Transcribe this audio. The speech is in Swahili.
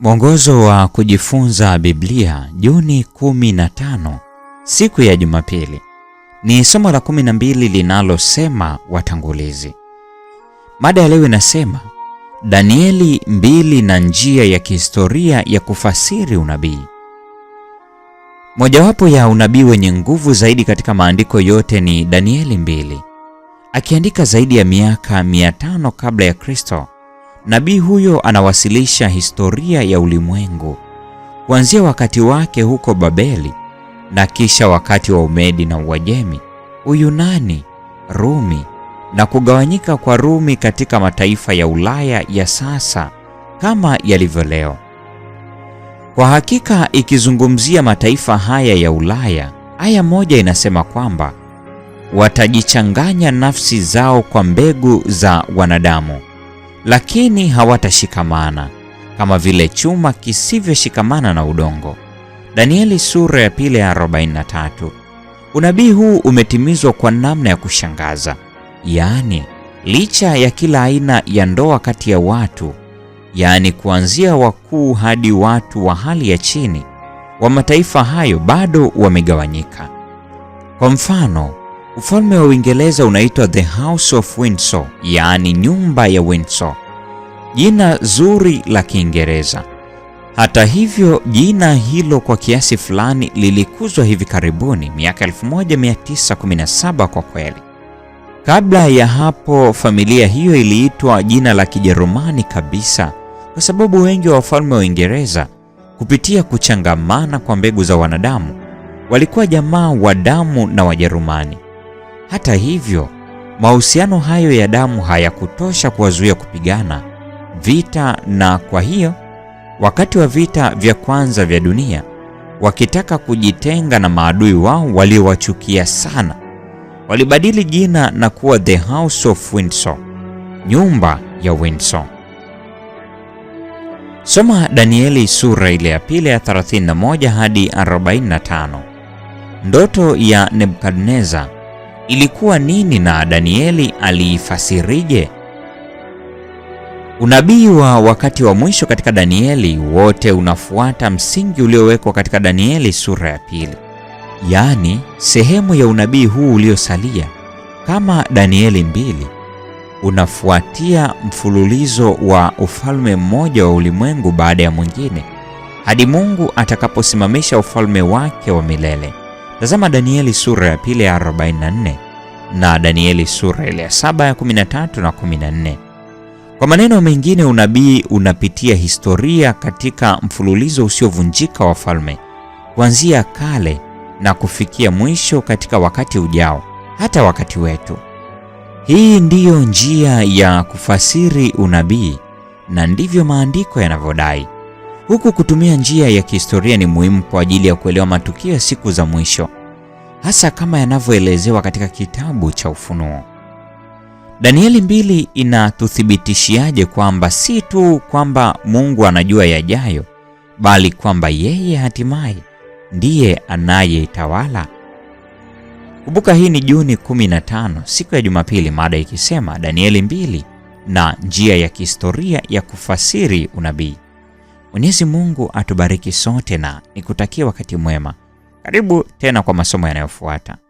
Mwongozo wa kujifunza Biblia Juni 15 siku ya Jumapili ni somo la 12 linalosema watangulizi. Mada ya leo inasema Danieli mbili na njia ya kihistoria ya kufasiri unabii. Mojawapo ya unabii wenye nguvu zaidi katika maandiko yote ni Danieli mbili. Akiandika zaidi ya miaka 500 kabla ya Kristo, Nabii huyo anawasilisha historia ya ulimwengu kuanzia wakati wake huko Babeli na kisha wakati wa Umedi na Uajemi, Uyunani, Rumi na kugawanyika kwa Rumi katika mataifa ya Ulaya ya sasa kama yalivyo leo. Kwa hakika, ikizungumzia mataifa haya ya Ulaya, aya moja inasema kwamba watajichanganya nafsi zao kwa mbegu za wanadamu lakini hawatashikamana kama vile chuma kisivyoshikamana na udongo. Danieli sura ya pili ya 43. Unabii huu umetimizwa kwa namna ya kushangaza, yaani licha ya kila aina ya ndoa kati ya watu, yaani kuanzia wakuu hadi watu wa hali ya chini wa mataifa hayo, bado wamegawanyika. Kwa mfano, ufalme wa Uingereza unaitwa The House of Windsor, yaani nyumba ya Windsor jina zuri la Kiingereza. Hata hivyo, jina hilo kwa kiasi fulani lilikuzwa hivi karibuni, miaka 1917 kwa kweli. Kabla ya hapo, familia hiyo iliitwa jina la Kijerumani kabisa, kwa sababu wengi wa wafalme wa Uingereza kupitia kuchangamana kwa mbegu za wanadamu walikuwa jamaa wa damu na Wajerumani. Hata hivyo, mahusiano hayo ya damu hayakutosha kuwazuia kupigana vita, na kwa hiyo wakati wa vita vya kwanza vya dunia wakitaka kujitenga na maadui wao waliowachukia sana, walibadili jina na kuwa The House of Windsor, nyumba ya Windsor. Soma Danieli sura ile ya pili ya 31 hadi 45. Ndoto ya nebukadnezar ilikuwa nini na Danieli aliifasirije? Unabii wa wakati wa mwisho katika Danieli wote unafuata msingi uliowekwa katika Danieli sura ya pili, yaani sehemu ya unabii huu uliosalia kama Danieli mbili unafuatia mfululizo wa ufalme mmoja wa ulimwengu baada ya mwingine hadi Mungu atakaposimamisha ufalme wake wa milele. Tazama Danieli sura ya pili ya 44 na Danieli sura ile ya 7 ya 13 na 14. Kwa maneno mengine, unabii unapitia historia katika mfululizo usiovunjika wa falme, kuanzia kale na kufikia mwisho katika wakati ujao, hata wakati wetu. Hii ndiyo njia ya kufasiri unabii na ndivyo maandiko yanavyodai. Huku kutumia njia ya kihistoria ni muhimu kwa ajili ya kuelewa matukio ya siku za mwisho, hasa kama yanavyoelezewa katika kitabu cha Ufunuo. Danieli mbili inatuthibitishiaje kwamba si tu kwamba Mungu anajua yajayo, bali kwamba yeye hatimaye ndiye anayeitawala? Kumbuka hii ni Juni 15, siku ya Jumapili, mada ikisema Danieli mbili na njia ya kihistoria ya kufasiri unabii. Mwenyezi Mungu atubariki sote na nikutakie wakati mwema. Karibu tena kwa masomo yanayofuata.